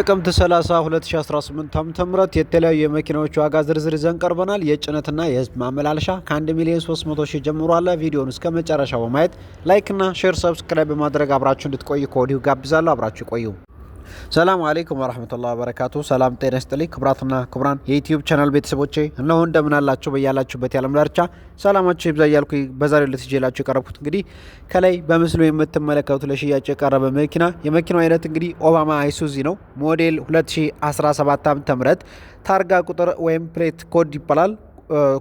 ጥቅምት 30 2018 ዓ.ም የተለያዩ የመኪናዎች ዋጋ ዝርዝር ይዘን ቀርበናል። የጭነትና የህዝብ ማመላለሻ ከ1 ሚሊዮን 300 ሺህ ጀምሮ አለ። ቪዲዮውን እስከ መጨረሻው በማየት ላይክና ሼር፣ ሰብስክራይብ በማድረግ አብራችሁ እንድትቆዩ ከወዲሁ ጋብዛለሁ። አብራችሁ ይቆዩ። ሰላም አሌይኩም ወረህመቱላሂ ወበረካቱ። ሰላም ጤና ይስጥልኝ ክቡራትና ክቡራን የዩቲዩብ ቻናል ቤተሰቦቼ እነሆ አላችሁ? በያላችሁበት የዓለም ዳርቻ ሰላማችሁ ይብዛ እያልኩ በዛሬው ዕለት ይዤላችሁ የቀረብኩት እንግዲህ ከላይ በምስሉ የምትመለከቱት ለሽያጭ የቀረበ መኪና የመኪናው አይነት እንግዲህ ኦባማ አይሱዚ ነው። ሞዴል 2017 ዓ.ም ታርጋ ቁጥር ወይም ፕሌት ኮድ ይባላል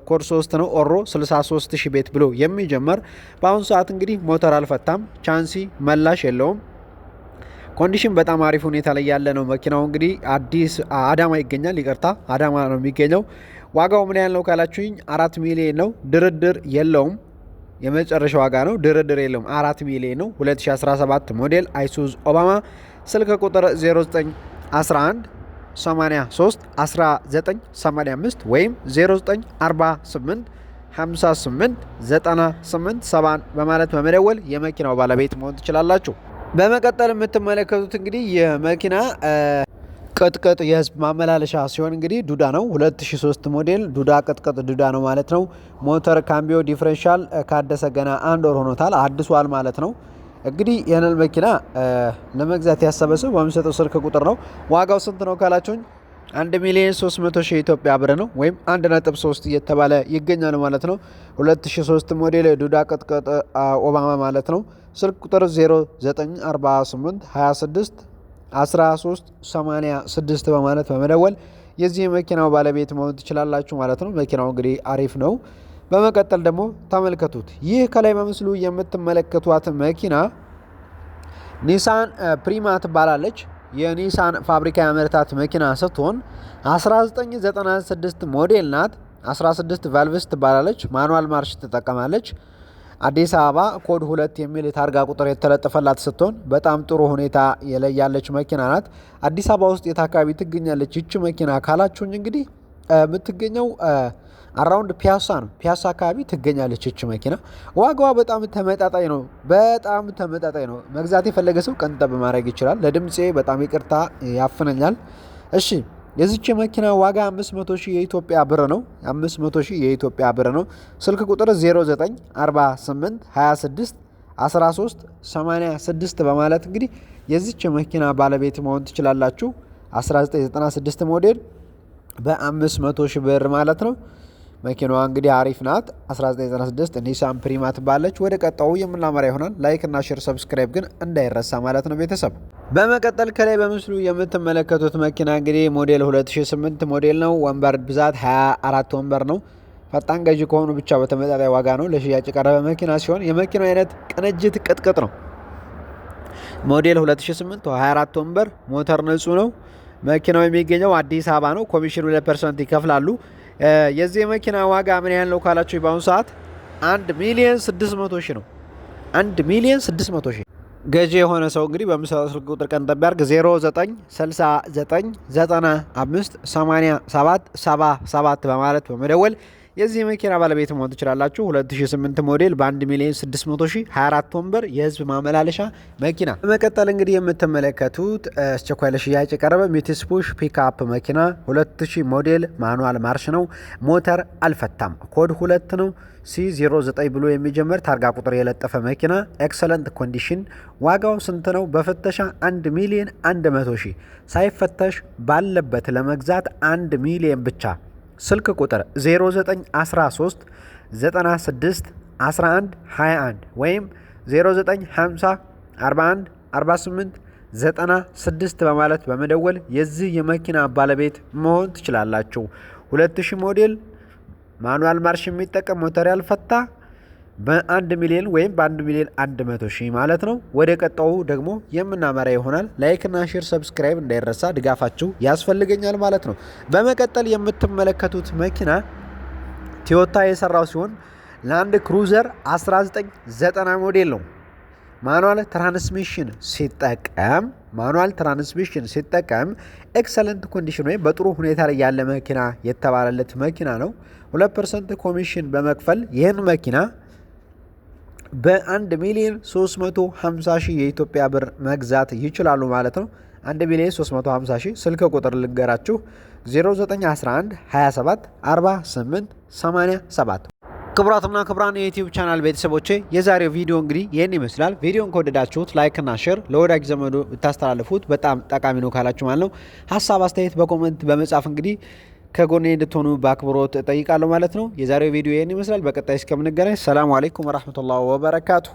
ኮድ 3 ነው። ኦሮ 63000 ቤት ብሎ የሚጀመር በአሁኑ ሰዓት እንግዲህ ሞተር አልፈታም፣ ቻንሲ መላሽ የለውም ኮንዲሽን በጣም አሪፍ ሁኔታ ላይ ያለ ነው። መኪናው እንግዲህ አዲስ አዳማ ይገኛል። ይቅርታ አዳማ ነው የሚገኘው። ዋጋው ምን ያህል ነው ካላችሁኝ፣ አራት ሚሊዮን ነው። ድርድር የለውም። የመጨረሻ ዋጋ ነው፣ ድርድር የለውም። አራት ሚሊዮን ነው። 2017 ሞዴል አይሱዝ ኦባማ። ስልክ ቁጥር 0911 83 1985 ወይም 0948 58 98 7 በማለት በመደወል የመኪናው ባለቤት መሆን ትችላላችሁ። በመቀጠል የምትመለከቱት እንግዲህ የመኪና ቅጥቅጥ የህዝብ ማመላለሻ ሲሆን እንግዲህ ዱዳ ነው 2003 ሞዴል ዱዳ ቅጥቅጥ ዱዳ ነው ማለት ነው። ሞተር ካምቢዮ ዲፍረንሻል ካደሰ ገና አንድ ወር ሆኖታል። አድሷል ማለት ነው። እንግዲህ ይህንን መኪና ለመግዛት ያሰበ ሰው በሚሰጠው ስልክ ቁጥር ነው። ዋጋው ስንት ነው ካላችሁኝ አንድ ሚሊዮን 300 ሺህ ኢትዮጵያ ብር ነው ወይም 3 እየተባለ ይገኛል ማለት ነው። 2003 ሞዴል ዱዳ ቅጥቅጥ ኦባማ ማለት ነው። ስልክ ቁጥር 0948 26 13 86 በማለት በመደወል የዚህ መኪናው ባለቤት መሆን ትችላላችሁ ማለት ነው። መኪናው እንግዲህ አሪፍ ነው። በመቀጠል ደግሞ ተመልከቱት። ይህ ከላይ በምስሉ የምትመለከቷት መኪና ኒሳን ፕሪማ ትባላለች። የኒሳን ፋብሪካ ያመረታት መኪና ስትሆን 1996 ሞዴል ናት። 16 ቫልቭስ ትባላለች። ማኑዋል ማርሽ ትጠቀማለች። አዲስ አበባ ኮድ ሁለት የሚል የታርጋ ቁጥር የተለጠፈላት ስትሆን በጣም ጥሩ ሁኔታ የለያለች መኪና ናት። አዲስ አበባ ውስጥ የት አካባቢ ትገኛለች ይቺ መኪና ካላችሁኝ እንግዲህ የምትገኘው አራውንድ ፒያሳ ነው። ፒያሳ አካባቢ ትገኛለች ይች መኪና። ዋጋዋ በጣም ተመጣጣኝ ነው። በጣም ተመጣጣኝ ነው። መግዛት የፈለገ ሰው ቀንጠብ ማድረግ ይችላል። ለድምፄ በጣም ይቅርታ ያፍነኛል። እሺ የዚች መኪና ዋጋ 500 ሺህ የኢትዮጵያ ብር ነው። 500 ሺህ የኢትዮጵያ ብር ነው። ስልክ ቁጥር 0948 26 13 86 በማለት እንግዲህ የዚች መኪና ባለቤት መሆን ትችላላችሁ። 1996 ሞዴል በ500 ሺህ ብር ማለት ነው። መኪናዋ እንግዲህ አሪፍ ናት። 1996 ኒሳን ፕሪማ ትባለች። ወደ ቀጣው የምናመራ ይሆናል። ላይክ እና ሼር ሰብስክራይብ ግን እንዳይረሳ ማለት ነው ቤተሰብ። በመቀጠል ከላይ በምስሉ የምትመለከቱት መኪና እንግዲህ ሞዴል 2008 ሞዴል ነው። ወንበር ብዛት 24 ወንበር ነው። ፈጣን ገዢ ከሆኑ ብቻ በተመጣጣኝ ዋጋ ነው ለሽያጭ የቀረበ መኪና ሲሆን የመኪናው አይነት ቅንጅት ቅጥቅጥ ነው። ሞዴል 2008 24 ወንበር ሞተር ንጹህ ነው። መኪናው የሚገኘው አዲስ አበባ ነው። ኮሚሽን 2 ፐርሰንት ይከፍላሉ። የዚህ መኪና ዋጋ ምን ያህል ነው ካላችሁ በአሁኑ ሰዓት አንድ ሚሊየን ስድስት መቶ ሺህ ነው። አንድ ሚሊየን ስድስት መቶ ሺህ ገዢ የሆነ ሰው እንግዲህ በምሰጠው ስልክ ቁጥር ቀን ጠቢያርግ 0969958777 በማለት በመደወል የዚህ መኪና ባለቤት መሆን ትችላላችሁ። 2008 ሞዴል በ1 ሚሊዮን 600 ሺህ 24 ወንበር የህዝብ ማመላለሻ መኪና። በመቀጠል እንግዲህ የምትመለከቱት አስቸኳይ ለሽያጭ የቀረበ ሚትስፑሽ ፒክአፕ መኪና 2000 ሞዴል ማኑዋል ማርሽ ነው። ሞተር አልፈታም። ኮድ ሁለት ነው። ሲ09 ብሎ የሚጀምር ታርጋ ቁጥር የለጠፈ መኪና ኤክሰለንት ኮንዲሽን። ዋጋው ስንት ነው? በፍተሻ 1 ሚሊዮን 100 ሺህ ሳይፈተሽ ባለበት ለመግዛት 1 ሚሊዮን ብቻ ስልክ ቁጥር 0913 96 11 21 ወይም 0950 41 48 96 በማለት በመደወል የዚህ የመኪና ባለቤት መሆን ትችላላችሁ። 2000 ሞዴል ማኑዋል ማርሽ የሚጠቀም ሞተር ያልፈታ በአንድ ሚሊዮን ወይም በአንድ ሚሊዮን አንድ መቶ ሺህ ማለት ነው። ወደ ቀጣው ደግሞ የምናመራ ይሆናል። ላይክና ሼር ሰብስክራይብ እንዳይረሳ፣ ድጋፋችሁ ያስፈልገኛል ማለት ነው። በመቀጠል የምትመለከቱት መኪና ቶዮታ የሰራው ሲሆን ላንድ ክሩዘር 1990 ሞዴል ነው። ማኑዋል ትራንስሚሽን ሲጠቀም ማኑዋል ትራንስሚሽን ሲጠቀም ኤክሰለንት ኮንዲሽን ወይም በጥሩ ሁኔታ ላይ ያለ መኪና የተባለለት መኪና ነው። 2 ፐርሰንት ኮሚሽን በመክፈል ይህን መኪና በ1 ሚሊዮን 350 ሺህ የኢትዮጵያ ብር መግዛት ይችላሉ ማለት ነው። 1 ሚሊዮን 350 ሺህ ስልክ ቁጥር ልንገራችሁ 0911 27 48 87። ክቡራትና ክቡራን የዩቲዩብ ቻናል ቤተሰቦቼ የዛሬው ቪዲዮ እንግዲህ ይህን ይመስላል። ቪዲዮን ከወደዳችሁት ላይክና ሼር ለወዳጅ ዘመዶ ብታስተላልፉት በጣም ጠቃሚ ነው ካላችሁ ማለት ነው። ሀሳብ አስተያየት በኮመንት በመጻፍ እንግዲህ ከጎኔ እንድትሆኑ በአክብሮት እጠይቃለሁ ማለት ነው። የዛሬው ቪዲዮ ይህን ይመስላል። በቀጣይ እስከምንገናኝ ሰላሙ አሌይኩም ወረህመቱላህ ወበረካቱሁ።